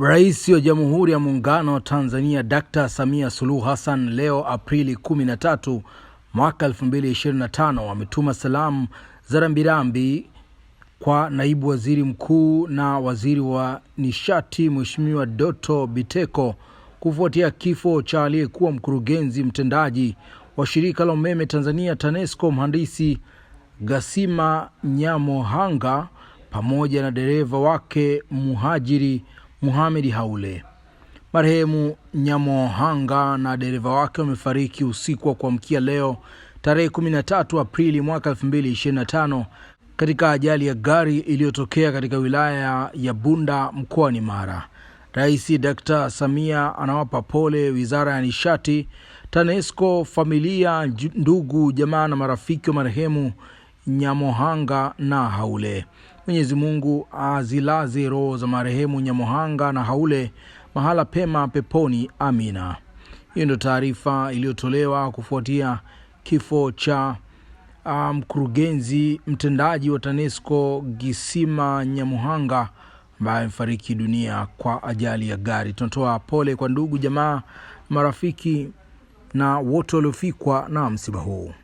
Rais wa Jamhuri ya Muungano wa Tanzania Dkt. Samia Suluhu Hassan leo Aprili 13 mwaka 2025 ametuma salamu za rambirambi kwa Naibu Waziri Mkuu na Waziri wa Nishati Mheshimiwa Doto Biteko kufuatia kifo cha aliyekuwa mkurugenzi mtendaji wa Shirika la Umeme Tanzania TANESCO Mhandisi Gasima Nyamohanga pamoja na dereva wake Muhajiri Mohamed Haule. Marehemu Nyamohanga na dereva wake wamefariki usiku wa kuamkia leo tarehe 13 Aprili mwaka 2025 katika ajali ya gari iliyotokea katika wilaya ya Bunda mkoani Mara. Rais Dkt. Samia anawapa pole Wizara ya Nishati, TANESCO, familia, ndugu, jamaa na marafiki wa marehemu Nyamohanga na Haule. Mwenyezi Mungu azilaze roho za marehemu Nyamohanga na Haule mahala pema peponi. Amina. Hiyo ndio taarifa iliyotolewa kufuatia kifo cha mkurugenzi um, mtendaji wa TANESCO Gisima Nyamuhanga ambaye amefariki dunia kwa ajali ya gari. Tunatoa pole kwa ndugu, jamaa, marafiki na wote waliofikwa na msiba huu.